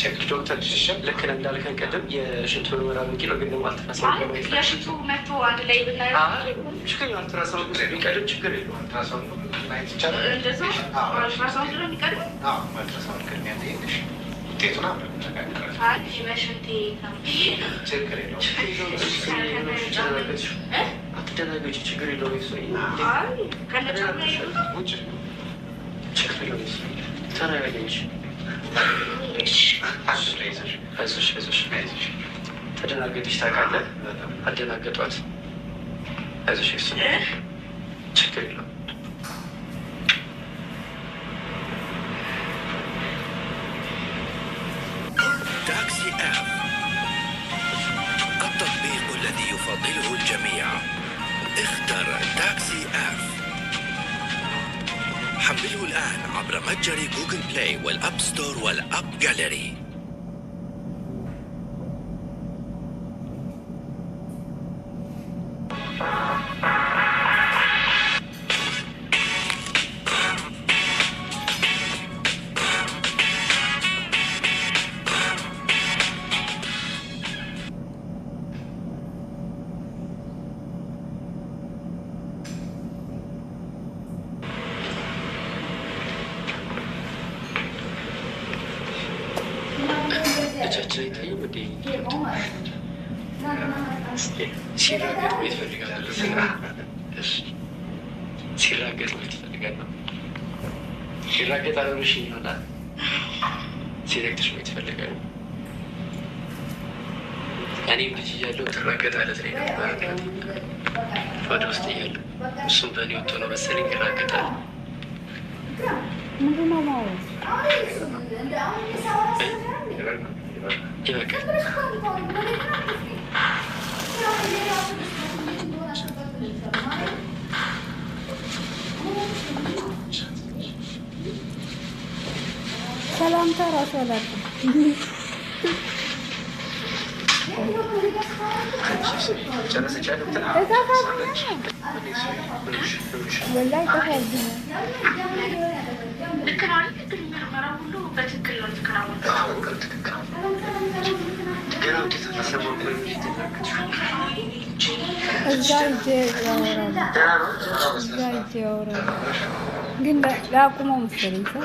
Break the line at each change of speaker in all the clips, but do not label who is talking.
ቼክ ዶክተር ሽሽም ልክ እንዳልክ ቅድም የሽንት ምርመራ በቂ ነው፣ ግን ደግሞ አልተራሳውንድ የሽንቱ
መቶ አንድ ላይ ብናየ
ችግር አልተራሳውንድ የሚቀድም ችግር የለውም። አልተራሳውንድ ማየት ይቻላል። እንደዚያው አልተራሳውንድ ነው የሚቀድም አልተራሳውንድ ቅድሚያ ትሄድሽ ውጤቱን አብረን አትደናገጪ፣ ችግር የለውም። ችግር የለውም። ተረጋገች ተደናገጥሽ ታውቃለህ? አደናገጧት። አይዞሽ፣ እሱ ችግር የለውም። Taxi App. حمله الآن عبر متجر جوجل بلاي والأب ستور والأب جاليري እጃችን አይታይም እንዴ? ሲራገጥ ማየት እፈልጋለሁ። ሲራገጥ ማየት እፈልጋለሁ። ሲራገጥ አለሽ ይሆናል። ሲረግጥሽ ማየት እፈልጋለሁ። እኔም ልጅ እያለሁ ትራገጥ ላይ ነበር ወደ ውስጥ እያለሁ እሱም በእኔ ወጥቶ ነው መሰለኝ ይራገጣል።
ምንድነው ማለት Чек. ሰላምታ ራሱ አላውቅም። ጨረሰች አይደል? ወላሂ ይጠፋል። እዛ ሂጅ ያወራሉ፣ እዛ ሂጅ ያወራሉ። ግን ላቁመው መሰለኝ ሰው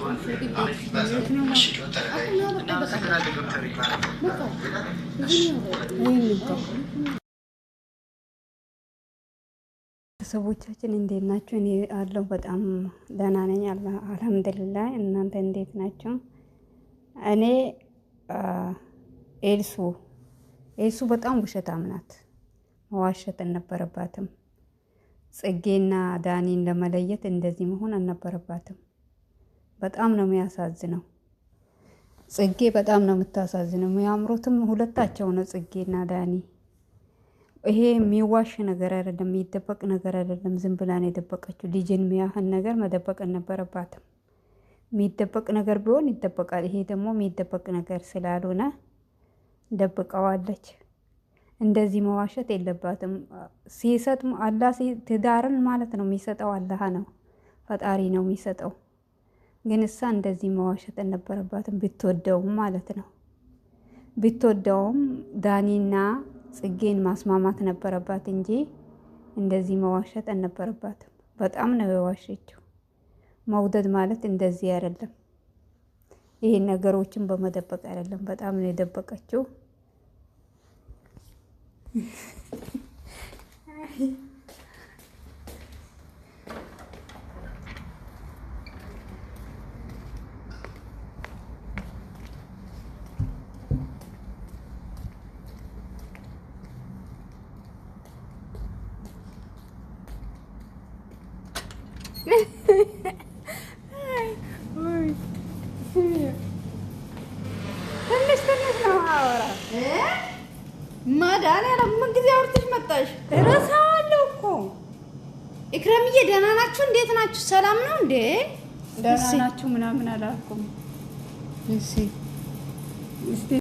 ቤተሰቦቻችን
እንዴት ናቸው? እኔ አለሁ በጣም ደህና ነኝ፣ አልሐምዱሊላህ። እናንተ እንዴት ናቸው? እኔ ኤልሱ ኤልሱ በጣም ውሸታም ናት። መዋሸት አልነበረባትም። ጽጌና ዳኒን ለመለየት እንደዚህ መሆን አልነበረባትም። በጣም ነው የሚያሳዝነው። ጽጌ በጣም ነው የምታሳዝነው። የሚያምሩትም ሁለታቸው ነው ጽጌና ዳኒ። ይሄ የሚዋሽ ነገር አይደለም፣ የሚደበቅ ነገር አይደለም። ዝም ብላን የደበቀችው። ልጅን የሚያህል ነገር መደበቅ አልነበረባትም። የሚደበቅ ነገር ቢሆን ይደበቃል። ይሄ ደግሞ የሚደበቅ ነገር ስላልሆነ ደብቀዋለች። እንደዚህ መዋሸት የለባትም። ሲሰጥ አላህ ትዳርን ማለት ነው የሚሰጠው አላህ ነው ፈጣሪ ነው የሚሰጠው። ግን እሳ እንደዚህ መዋሸት አልነበረባትም። ብትወደውም ማለት ነው ብትወደውም ዳኒና ጽጌን ማስማማት ነበረባት እንጂ እንደዚህ መዋሸት አልነበረባትም። በጣም ነው የዋሸችው። መውደድ ማለት እንደዚህ አይደለም። ይሄን ነገሮችን በመደበቅ አይደለም። በጣም ነው የደበቀችው። ኢክራምዬ ደህና ናችሁ? እንዴት ናችሁ? ሰላም ነው እንዴ? ደህና ናችሁ ምናምን አላልኩም። እሺ